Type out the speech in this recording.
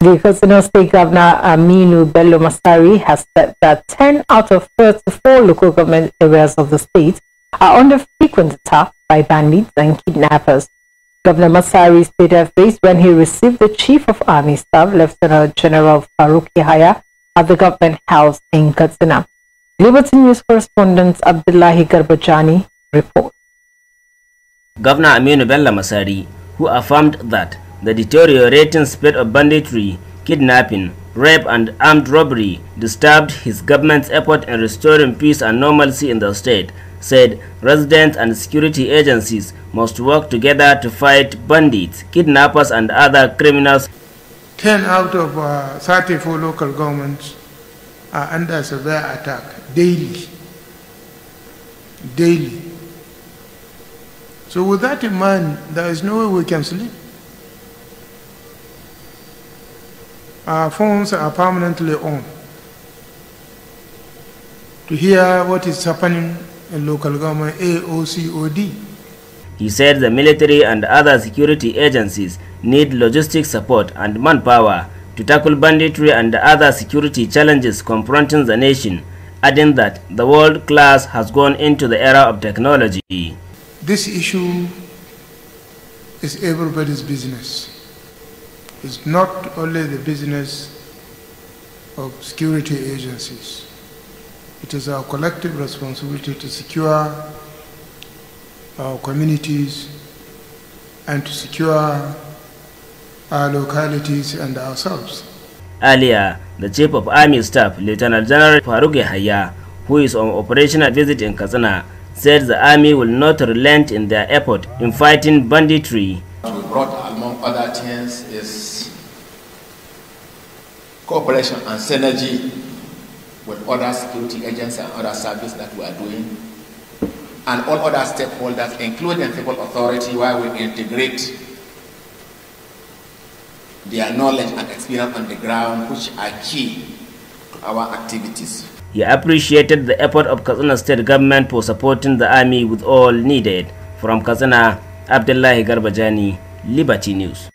The Fresno State Governor Aminu Bello Masari has said that 10 out of 34 local government areas of the state are under frequent attack by bandits and kidnappers. Governor Masari stated this when he received the Chief of Army Staff, Lieutenant General Farouk Yahya, at the government house in Katsina. Liberty News correspondent Abdullahi Garbajani reports. Governor Aminu Bello Masari, who affirmed that the deteriorating spread of banditry, kidnapping, rape and armed robbery disturbed his government's effort in restoring peace and normalcy in the state, said residents and security agencies must work together to fight bandits, kidnappers and other criminals. 10 out of uh, 34 local governments are under severe attack daily. Daily. So with that in mind, there is no way we can sleep. our phones are permanently on to hear what is happening in local government AOCOD. He said the military and other security agencies need logistic support and manpower to tackle banditry and other security challenges confronting the nation, adding that the world class has gone into the era of technology. This issue is everybody's business is not only the business of security agencies. It is our collective responsibility to secure our communities and to secure our localities and ourselves. Earlier, the Chief of Army Staff, Lieutenant General Farughe Haya, who is on operational visit in Kazana, said the army will not relent in their effort in fighting banditry. We brought among other things, is cooperation and synergy with other security agents and other services that we are doing, and all other stakeholders, including civil authority, where we integrate their knowledge and experience on the ground, which are key to our activities. He appreciated the effort of Kazana state government for supporting the army with all needed. From Kazana, Abdullahi Garbajani, Liberty News.